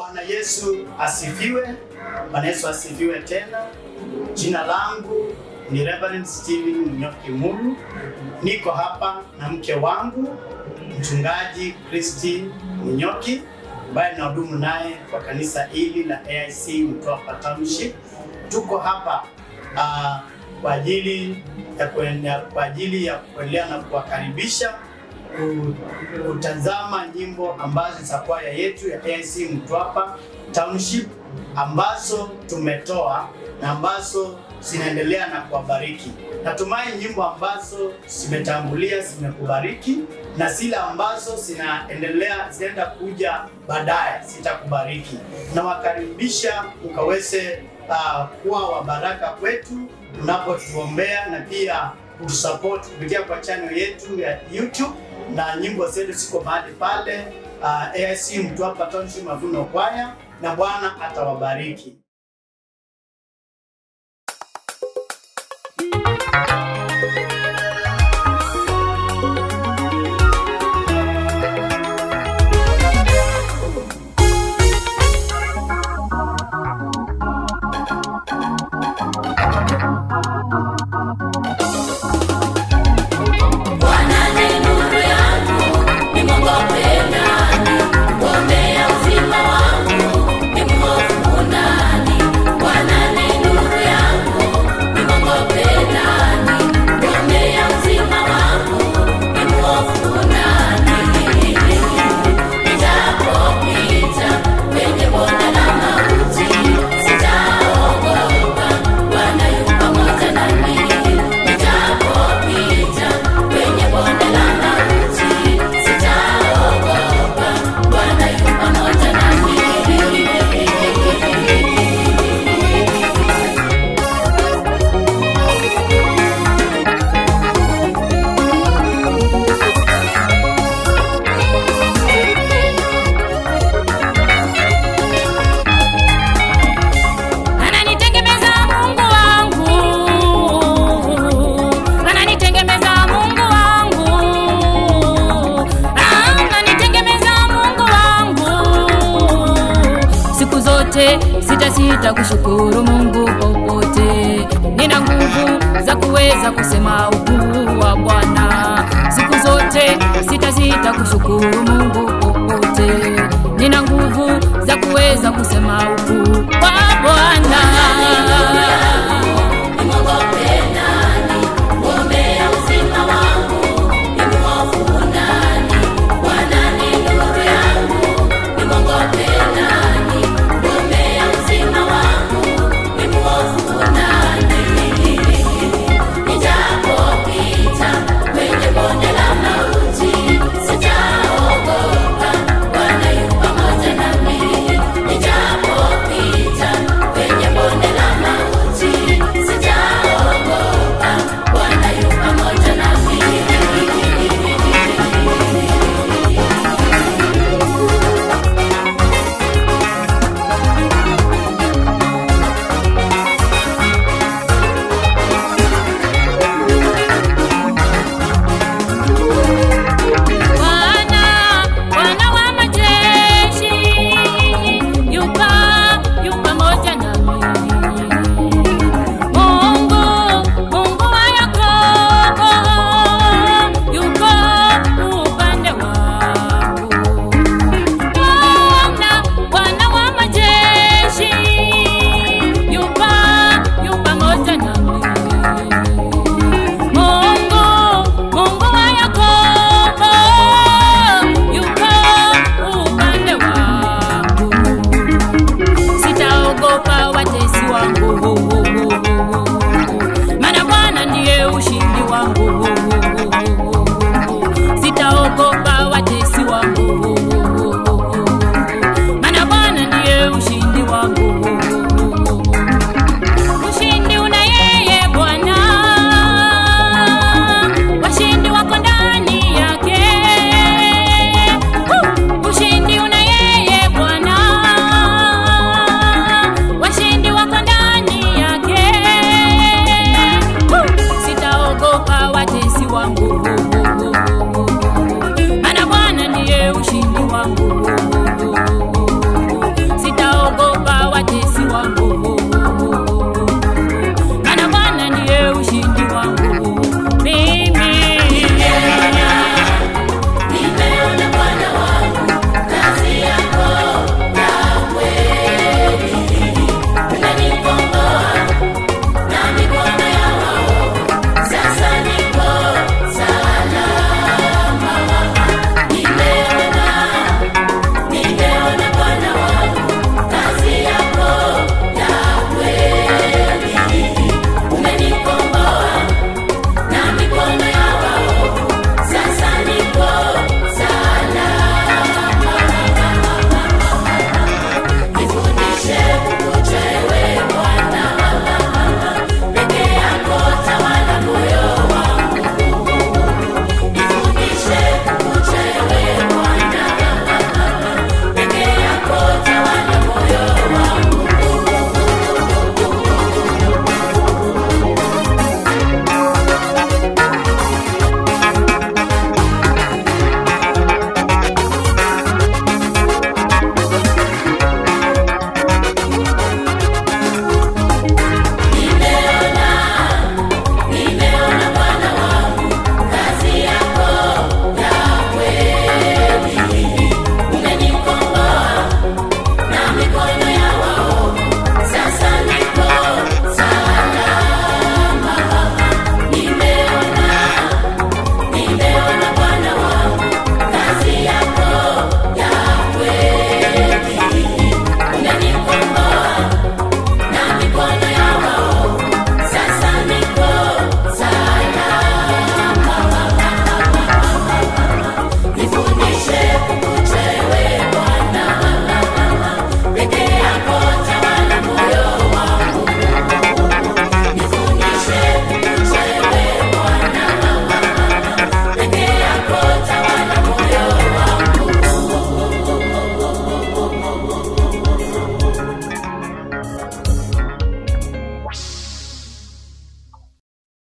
Bwana Yesu asifiwe. Bwana Yesu asifiwe tena. Jina langu ni Reverend Steven Mnyoki Mulu. Niko hapa na mke wangu mchungaji Christine Mnyoki ambaye nahudumu naye kwa kanisa hili la AIC Mtwapa Township. Tuko hapa uh, kwa ajili ya kuendelea na kuwakaribisha kutazama nyimbo ambazo za kwaya yetu ya ANC Mtwapa Township ambazo tumetoa na ambazo zinaendelea na kuwabariki. Natumai nyimbo ambazo zimetangulia zimekubariki na zile ambazo zinaendelea zinaenda kuja baadaye zitakubariki. Nawakaribisha ukaweze uh, ah, kuwa wa baraka kwetu unapotuombea na pia kutusupport kupitia kwa channel yetu ya YouTube na nyimbo zetu ziko mahali pale. Uh, ah, AIC Mtwapa Township Mavuno Kwaya, na Bwana atawabariki. yote, sitasita kushukuru Mungu popote. Nina nguvu za kuweza kusema ukuu wa Bwana siku zote, sitasita kushukuru Mungu popote. Nina nguvu